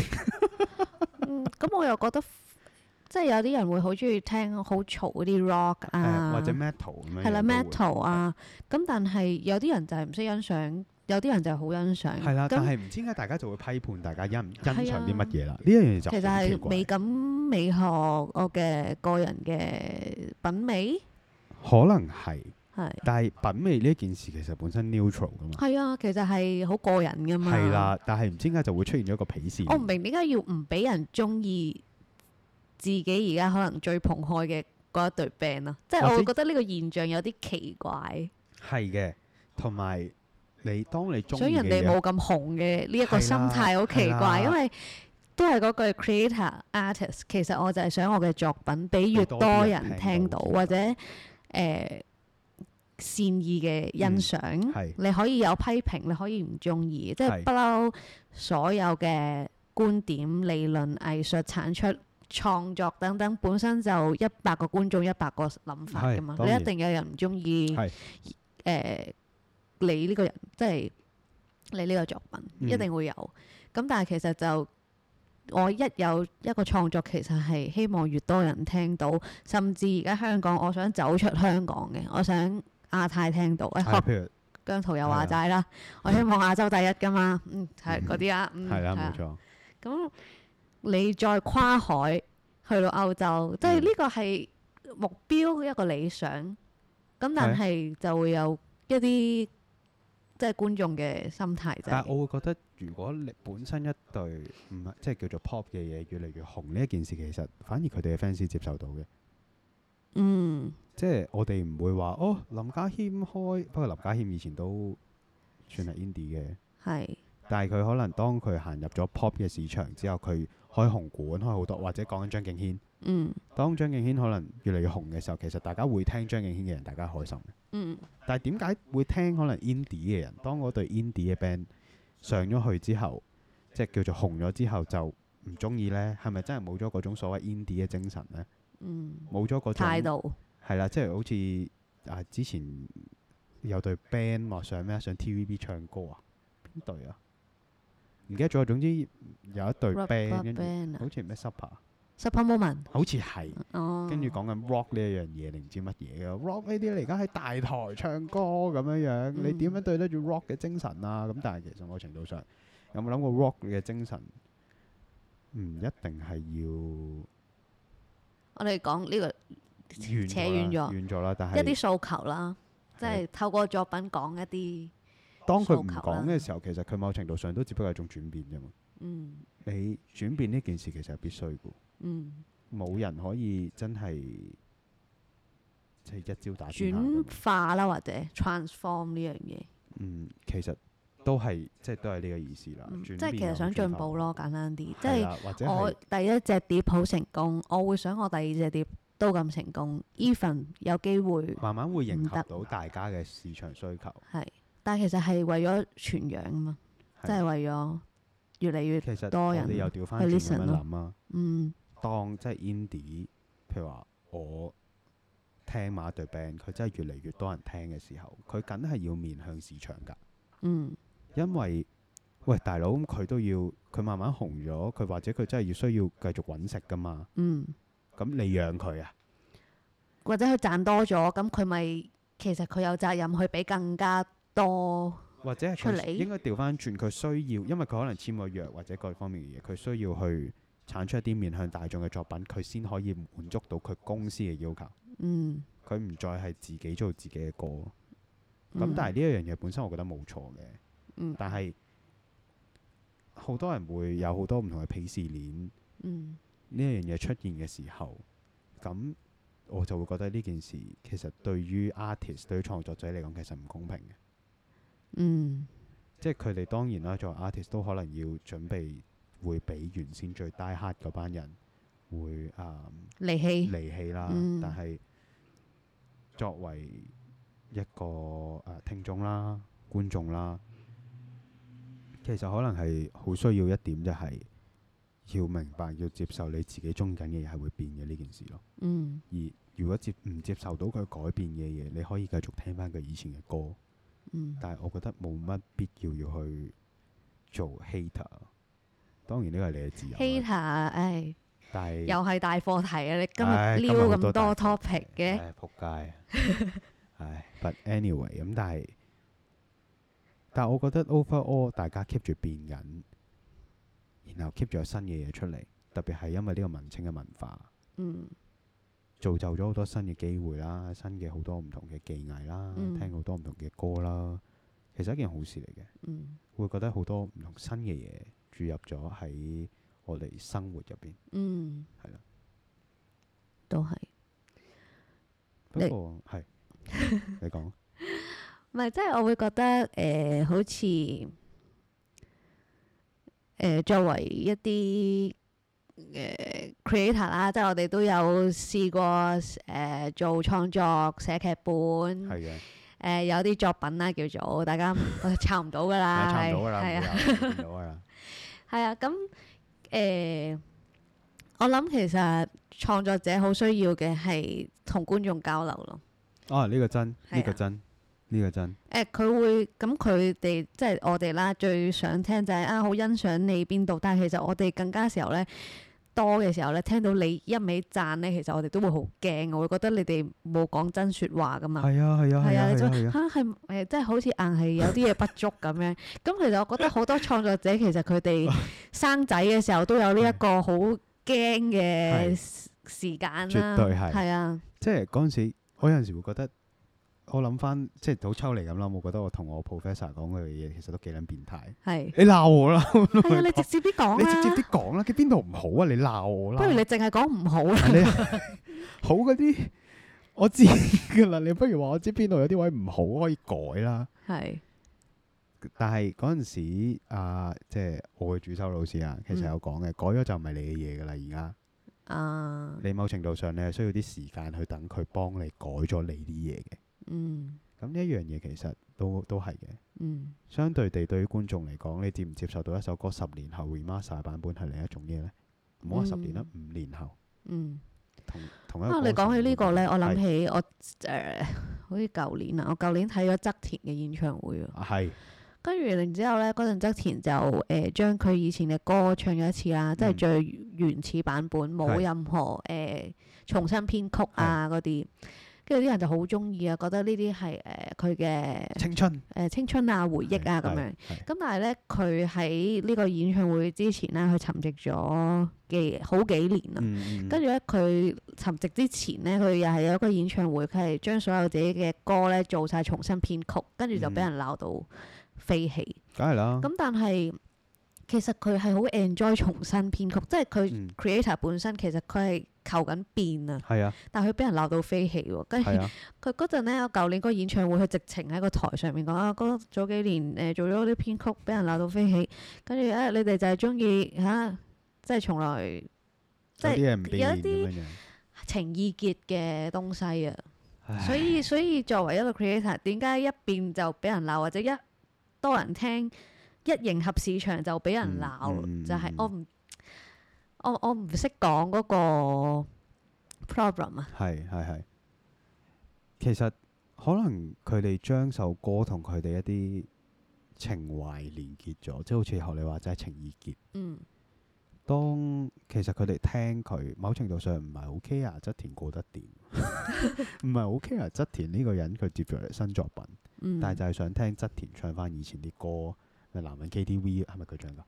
[laughs] 嗯。嗯，咁我又覺得， [laughs] 即係有啲人會好中意聽好嘈嗰啲 rock 啊、嗯，或者 metal 咁、啊、樣。係啦、啊、metal 啊，咁、嗯、但係有啲人就係唔識欣賞。有啲人就係好欣賞，係啦，但係唔知點解大家就會批判大家欣欣賞啲乜嘢啦？呢一樣嘢就其實係美感、美學，我嘅個人嘅品味，可能係係，但係品味呢一件事其實本身 neutral 噶嘛，係啊，其實係好個人噶嘛，係啦，但係唔知點解就會出現咗一個鄙視。我唔明點解要唔俾人中意自己而家可能最蓬開嘅嗰一隊 band 咯，即係我覺得呢個現象有啲奇怪，係嘅，同埋。你當你所以人哋冇咁紅嘅呢一個心態好奇怪，啊啊、因為都係嗰句 creator artist。其實我就係想我嘅作品俾越多人聽到，或者誒、呃、善意嘅欣賞，嗯、你可以有批評，你可以唔中意，即係不嬲所有嘅觀點理論藝術產出、創作等等，本身就一百個觀眾一百個諗法㗎嘛。你一定有人唔中意誒。是呃你呢個人，即、就、係、是、你呢個作品，一定會有。咁、嗯、但係其實就我一有一個創作，其實係希望越多人聽到。甚至而家香港，我想走出香港嘅，我想亞太聽到。譬如、嗯、姜濤又話齋啦，嗯、我希望我亞洲第一噶嘛。嗯，係嗰啲啊。係啦、嗯，冇、嗯、沒錯。咁你再跨海去到歐洲，即係呢個係目標一個理想。咁但係就會有一啲。即係觀眾嘅心態啫。但係我會覺得，如果你本身一對唔係即係叫做 pop 嘅嘢越嚟越紅呢一件事，其實反而佢哋嘅 fans 接受到嘅。嗯。即係我哋唔會話哦，林家謙開，不過林家謙以前都算係 indie 嘅。係是。但係佢可能當佢行入咗 pop 嘅市場之後，佢開紅館開好多，或者講緊張敬軒。嗯。當張敬軒可能越嚟越紅嘅時候，其實大家會聽張敬軒嘅人，大家開心。但係點解會聽可能 indie 嘅人，當嗰對 indie 嘅 band 上咗去之後，即係叫做紅咗之後就唔中意呢？係咪真係冇咗嗰種所謂 indie 嘅精神呢？冇咗嗰種態度係啦，即係好似啊，之前有對 band 話上咩上 TVB 唱歌啊，邊對啊？而家仲有，總之有一對 band，,、R、band 好似咩 Super。Supper Moment 好似係，跟住講緊 rock 呢一樣嘢，你唔知乜嘢嘅 rock 呢啲，你而家喺大台唱歌咁樣樣，嗯、你點樣對得住 rock 嘅精神啊？咁但係其實某程度上，有冇諗過 rock 嘅精神唔一定係要？我哋講呢個扯遠咗，遠咗是一啲訴求啦，即係是透過作品講一啲。當佢唔講嘅時候，其實佢某程度上都只不過係一種轉變啫嘛。嗯、你轉變呢件事其實係必須嗯，冇人可以真係即係一招大轉化啦，或者 transform 呢樣嘢。嗯，其實都係即係都係呢個意思啦。即係其實想進步咯，簡單啲。即係我第一隻碟好成功，我會想我第二隻碟都咁成功。Even，有機會慢慢會迎合到大家嘅市場需求。係，但係其實係為咗傳揚啊嘛，即係為咗越嚟越其實多人你又掉翻去。諗啊。嗯。當即係 indie 譬如話我聽某隊 band，佢真係越嚟越多人聽嘅時候，佢梗係要面向市場㗎。嗯，因為喂大佬，佢都要佢慢慢紅咗，佢或者佢真係要需要繼續揾食㗎嘛。嗯，咁你養佢啊？或者佢賺多咗，咁佢咪其實佢有責任去俾更加多或者係出嚟。應該調翻轉，佢需要，因為佢可能簽個約或者各方面嘅嘢，佢需要去。產出一啲面向大眾嘅作品，佢先可以滿足到佢公司嘅要求。佢唔、嗯、再係自己做自己嘅歌。咁、嗯、但係呢一樣嘢本身，我覺得冇錯嘅。嗯、但係好多人會有好多唔同嘅鄙視鏈。呢一、嗯、樣嘢出現嘅時候，咁我就會覺得呢件事其實對於 artist 對於創作者嚟講，其實唔公平嘅。嗯、即係佢哋當然啦，作為 artist 都可能要準備。會比原先最 die hard 嗰班人會啊、um，離棄氣 離棄啦。嗯、但係作為一個誒、呃、聽眾啦、觀眾啦，其實可能係好需要一點，就係要明白要接受你自己鍾緊嘅嘢係會變嘅呢件事咯。嗯、而如果接唔接受到佢改變嘅嘢，你可以繼續聽翻佢以前嘅歌。嗯、但係我覺得冇乜必要要去做 hater。當然呢個係你嘅自由。Hater，唉、哎，是又係大課題啊！你今日撩咁多 topic 嘅。唉，仆街、啊。唉、 [laughs] 哎、But anyway，咁但係，但係我覺得 overall 大家 keep 住變緊，然後 keep 咗新嘅嘢出嚟。特別係因為呢個文青嘅文化，嗯、造就咗好多新嘅機會啦，新嘅好多唔同嘅技藝啦，嗯、聽好多唔同嘅歌啦，其實一件好事嚟嘅。嗯，會覺得好多唔同嘅新嘅嘢。注入咗喺我哋生活入邊，嗯，係啦了，都係是。不過係，你講。唔係，即係我會覺得，誒、呃，好似，誒、呃，作為一啲誒 creator 啦，即係我哋都有試過誒、呃、做創作、寫劇本，係嘅，誒，有啲作品啦，叫做大家我抄唔到噶啦，係抄唔到噶啦，唔會有。 [laughs] [laughs] 係啊，咁誒、欸，我諗其實創作者好需要嘅係同觀眾交流咯。哦、啊，呢、呢個真，呢、呢個真，呢、啊、個真。誒、欸，佢會咁佢哋即係我哋啦，最想聽就係、是、啊，好欣賞你邊度，但係其實我哋更加時候咧。多嘅時候咧，聽到你一味讚咧，其實我哋都會好驚，我會覺得你哋冇講真説話㗎嘛。係啊係啊係啊，嚇係誒，真係好似硬係有啲嘢不足咁樣。咁 [laughs] 其實我覺得好多創作者其實佢哋生仔嘅時候都有呢一個好驚嘅時間啦，係啊，啊即係嗰陣時，我有陣時會覺得。我諗翻即係好抽離咁啦，我覺得我同我 professor 講嘅嘢其實都幾撚變態。係你鬧我啦！你直接啲講！你直接啲講啦！佢邊度唔好啊？你鬧我啦！不如你淨係講唔好啦！你好嗰啲我知㗎啦！你不如話我知邊度有啲位唔好，可以改啦。係。但係嗰陣時啊，即係我嘅主修老師啊，其實有講嘅，改咗就唔係你嘅嘢㗎啦。而家啊，你某程度上你係需要啲時間去等佢幫你改咗你啲嘢嘅。嗯，咁呢一樣嘢其實都都係嘅。嗯，相對地對於觀眾嚟講，你接唔接受到一首歌十年後 remaster 版本係另一種嘢呢？唔好話十年啦，五、嗯、年後。嗯。同同一個、啊、你講起呢個呢，我諗起我誒是、呃、好似舊年啊，我舊年睇咗側田嘅演唱會啊。跟住是然之後呢，嗰陣側田就誒將佢以前嘅歌唱咗一次啊，即係最原始版本，冇是任何誒、呃、重新編曲啊嗰啲。是是跟住啲人就好中意啊，覺得呢啲係誒佢嘅青春、呃、青春啊回憶啊咁是樣。咁是但係呢，佢喺呢個演唱會之前呢，佢沉寂咗幾好幾年。跟住、嗯、呢，佢沉寂之前呢，佢又係有一個演唱會，佢係將所有自己嘅歌呢做晒重新編曲，跟住就俾人鬧到飛起。梗係啦。咁但係其實佢係好 enjoy 重新編曲，即係佢 creator 本身其實佢係。求緊變啊！但係佢俾人鬧到飛起喎，跟住佢嗰陣呢，舊年嗰個演唱會，佢直情喺個台上面講啊，嗰早幾年誒、呃、做咗啲編曲，俾人鬧到飛起，跟住誒你哋就係中意吓，即係從來即係有一啲情意結嘅東西啊！啊所以所以作為一個 creator，點解一變就俾人鬧，或者一多人聽一迎合市場就俾人鬧，嗯嗯、就係我唔。我我唔識講嗰個 problem 啊。係係係，其實可能佢哋將首歌同佢哋一啲情懷連結咗，即係好似學你話齋情意結。嗯。當其實佢哋聽佢某程度上唔係好 care，側田過得點？唔係好 care 側田呢個人，佢接住嚟新作品，嗯、但係就係想聽側田唱翻以前啲歌。咩男人 KTV 係咪佢唱㗎？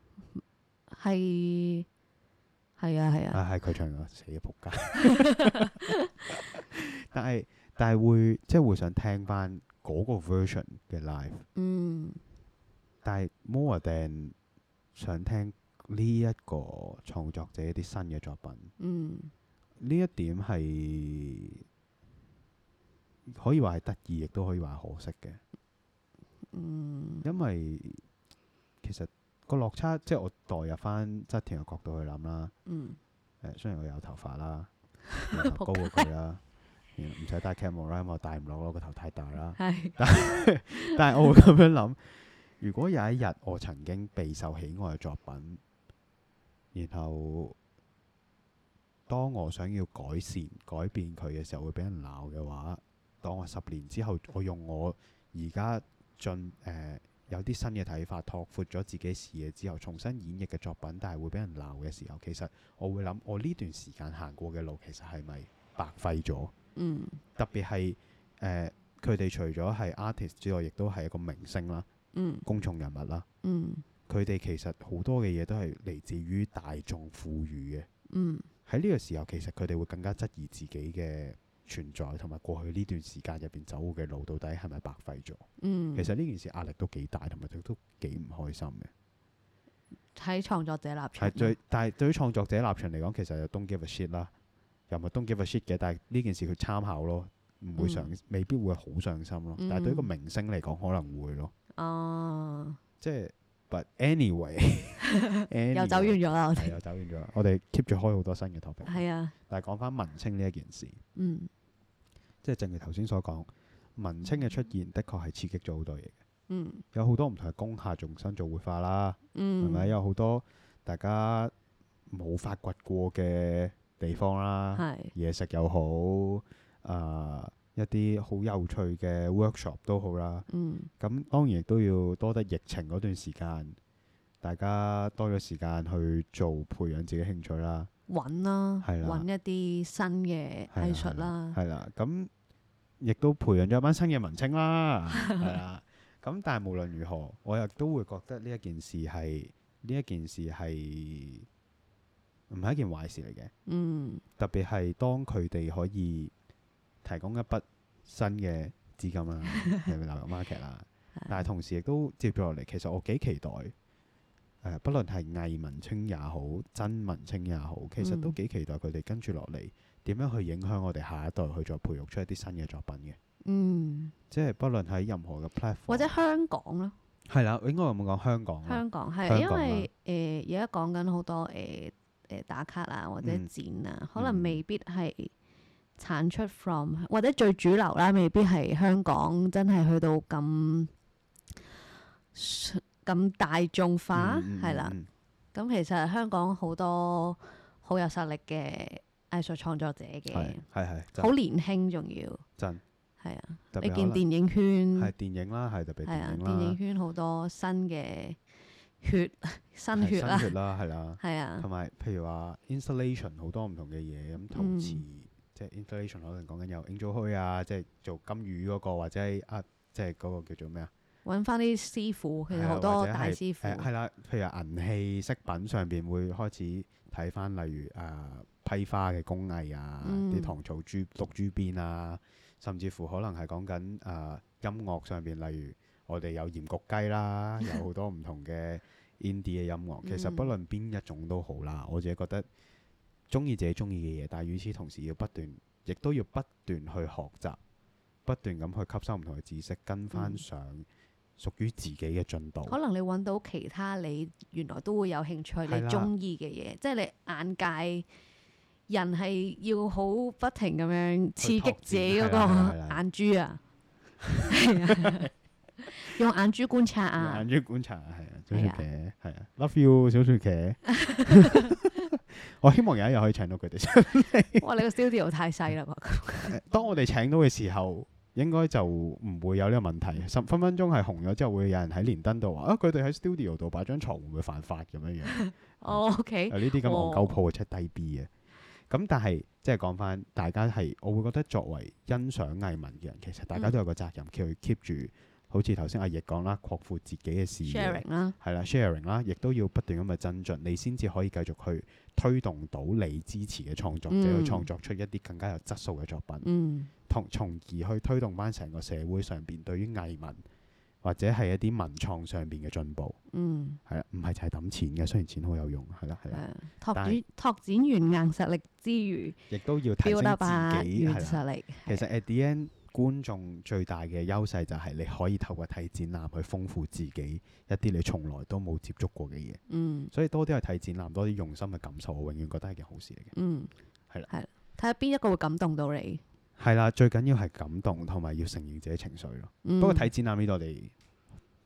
係。係啊，係啊，啊係佢、啊、唱嘅， [laughs] 死仆街 [laughs] 。但係但係會即係會想聽翻嗰個 version 嘅 live。嗯。但係 more than 想聽呢一個創作者一啲新嘅作品。嗯。呢一點係可以話係得意，亦都可以話係可惜嘅。嗯。因為其實。個落差，即係我代入翻側田嘅角度去諗啦。嗯，雖然我有頭髮啦， [laughs] 有頭高過佢啦，唔使戴 camera 啦， [laughs] 我戴唔落咯，個頭太大啦。 [laughs] 但係我會咁樣諗：如果有一日我曾經備受喜愛嘅作品，然後當我想要改善、改變佢嘅時候，會俾人鬧嘅話，當我十年之後，我用我而家進誒。呃有啲新嘅睇法，拓闊咗自己視野之後重新演繹嘅作品，但係會俾人鬧嘅時候，其實我會諗我呢段時間行過嘅路，其實係咪白費咗？嗯，特別係誒佢哋除咗係 artist 之外，亦都係一個明星啦，公眾人物啦，嗯，嗯，佢哋其實好多嘅嘢都係嚟自於大眾賦予嘅，嗯，喺呢個時候，其實佢哋會更加質疑自己嘅存在同埋過去呢段時間入邊走嘅路，到底係咪白費咗？嗯、其實呢件事壓力都幾大，同埋都幾唔開心嘅。喺創作者立場，但係對於創作者立場嚟講，其實有 don't give a shit 啦，又唔係 don't give a shit 嘅。但係呢件事佢參考咯，唔會上，嗯、未必會好上心咯。嗯、但係對於一個明星嚟講，可能會咯。哦、嗯，即係 but anyway， [laughs] anyway [laughs] 又完了了走完咗啦，我哋又走完咗。我哋 keep 住開好多新嘅 topic。係啊， [laughs] 但係講翻文青呢一件事，嗯。即係正如頭先所講，文青嘅出現，的確係刺激咗好多嘢、嗯、有好多唔同嘅工廈重新做活化啦，係咪、嗯？有好多大家冇發掘過嘅地方啦，嘢是食又好，啊、呃，一啲好有趣嘅 workshop 都好啦。嗯，咁當然亦都要多得疫情嗰段時間，大家多咗時間去做培養自己興趣啦。揾啦，揾的一啲新嘅藝術啦，係啦，咁亦都培養咗一班新嘅文青啦，係啊。 [laughs] 咁但係無論如何，我又都會覺得呢一件事係，呢一件事係唔係一件壞事嚟嘅。嗯，特別係當佢哋可以提供一筆新嘅資金啦，係咪流入 market 啦？但係同時亦都接住落嚟，其實我幾期待。誒，不論係偽文青也好，真文青也好，其實都幾期待佢哋跟住落嚟點樣去影響我哋下一代，去再培育出一啲新嘅作品嘅。嗯，即係不論喺任何嘅 platform，或者香港咯，係啦，應該我有冇講香港、啊、香港係因為誒而家講緊好多誒誒、呃呃、打卡啊，或者展啊，嗯、可能未必係產出 from，、嗯、或者最主流啦，未必係香港真係去到咁。咁大眾化係啦，咁其實香港好多好有實力嘅藝術創作者嘅，係係係，好年輕仲要，真係啊！你見電影圈係電影啦，係特別電影啦，係啊！電影圈好多新嘅血新血啦，血啦，係啊！同埋譬如話 installation 好多唔同嘅嘢，咁同時即係 installation 可能講緊有 Angel Hui 啊，即係做金魚嗰個，或者係啊，即係嗰個叫做咩啊？揾翻啲師傅，其實好多大師傅係啦。譬、呃、如銀器飾品上邊會開始睇翻，例如誒、呃、批花嘅工藝啊，啲糖、嗯、草珠、綠珠邊啊，甚至乎可能係講緊誒音樂上邊，例如我哋有鹽焗雞啦，有好多唔同嘅 indie 嘅音樂。 [laughs] 其實不論邊一種都好啦，我自己覺得中意自己中意嘅嘢，但係與此同時要不斷，亦都要不斷去學習，不斷咁去吸收唔同嘅知識，跟翻上，嗯屬於自己嘅進度，可能你揾到其他你原來都會有興趣你、你中意嘅嘢，即係你眼界。人係要好不停咁樣刺激自己嗰個眼珠啊！係啊， [laughs] [laughs] 用眼珠觀察啊！眼珠觀察係啊，小説劇係啊，Love You 小説劇。 [laughs] [laughs] [laughs] 我希望有一日可以請到佢哋出嚟 [laughs] 哇！你個 studio 太細啦！ [laughs] 當我哋請到嘅時候。應該就唔會有呢個問題，十分分鐘係紅咗之後，會有人喺連登度話：啊，佢哋喺 studio 度擺張牀會唔會犯法咁、 [laughs] 哦 okay，哦、樣樣？哦，OK。呢啲咁紅狗鋪會出低 B 嘅。咁但係即係講翻，大家係我會覺得作為欣賞藝文嘅人，其實大家都有個責任，去 keep 住好似頭先阿奕講啦，擴闊自己嘅視野，係啦 sharing 啦，亦都要不斷咁去增進，你先至可以繼續去推動到你支持嘅創作者去、嗯、創作出一啲更加有質素嘅作品。嗯同從而去推動翻成個社會上邊對於藝文或者係一啲文創上邊嘅進步，嗯，係啦，唔係就係揼錢嘅，雖然錢好有用，係啦，係啦，拓展拓展完硬實力之餘，亦都要提升自己嘅實力。其實 at the end，觀眾最大嘅優勢就係你可以透過睇展覽去豐富自己一啲你從來都冇接觸過嘅嘢，嗯，所以多啲去睇展覽，多啲用心嘅感受，我永遠覺得係件好事嚟嘅，嗯，係啦，係睇下邊一個會感動到你。係啦，最緊要係感動，同埋要承認自己情緒咯。不過睇展覽呢度，我哋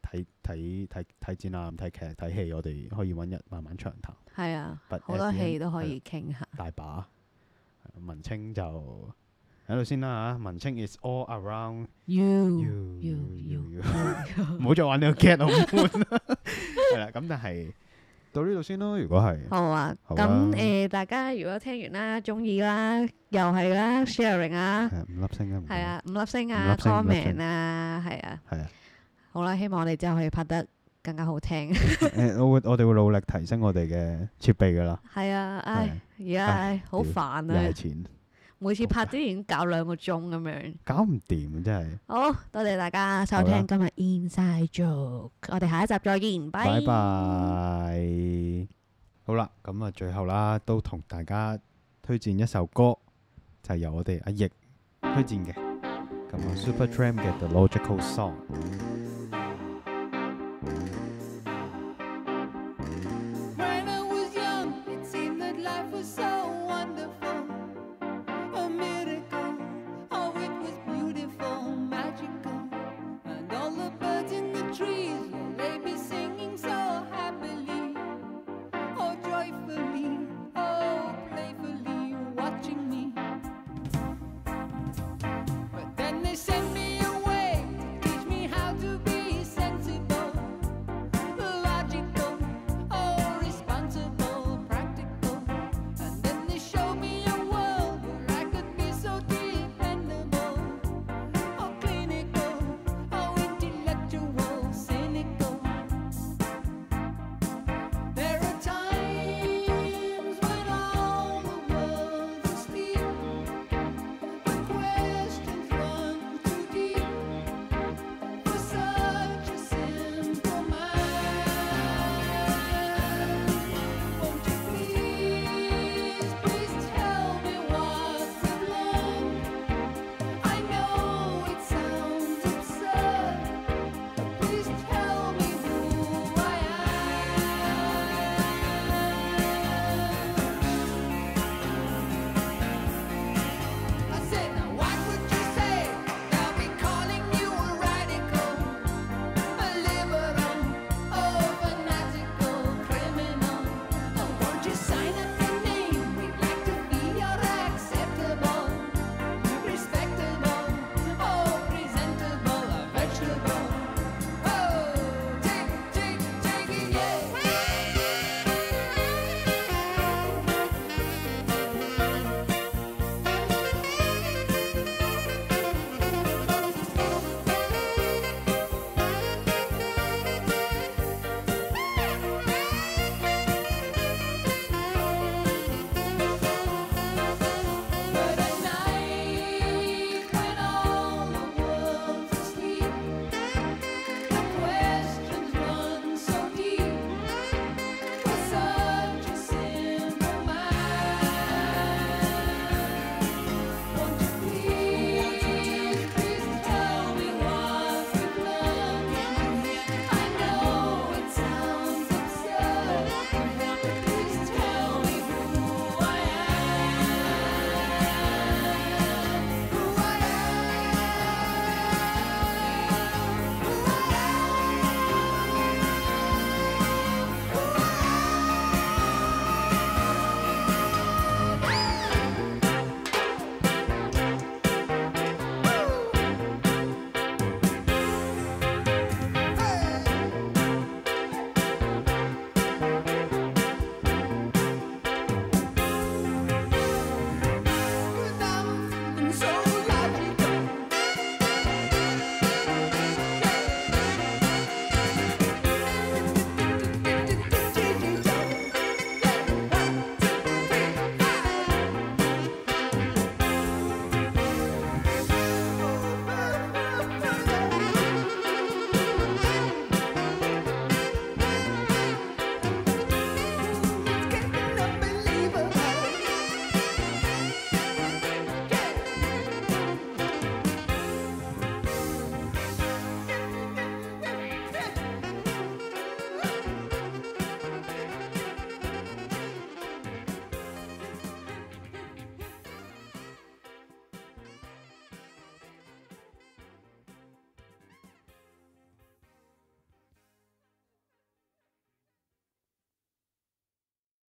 睇睇睇睇展覽、睇劇、睇戲，我哋可以搵日慢慢長談。係啊，好多戲都可以傾下。大把。文青就喺度先啦嚇，文青 is all around you you you you you。唔好再玩呢個 cat moon 啦。係啦，咁但係。到呢度先咯，如果係好啊，咁誒，大家如果聽完啦，鍾意啦，又係啦，sharing 啊，誒五粒星啊，係啊，五粒星啊，comment 啊，係啊，係啊，好啦，希望我哋之後可以拍得更加好聽。我會，我哋會努力提升我哋嘅設備㗎喇。係啊，唉，而家唉，好煩啊。又係錢。每次拍都已經搞兩個鐘咁樣，搞唔掂啊！真係好多謝大家收聽今日 Inside Joke，我哋下一集再見，拜拜。好啦，咁啊最後啦，都同大家推薦一首歌，就係由我哋阿易推薦嘅，咁啊 Supertramp 嘅 The Logical Song。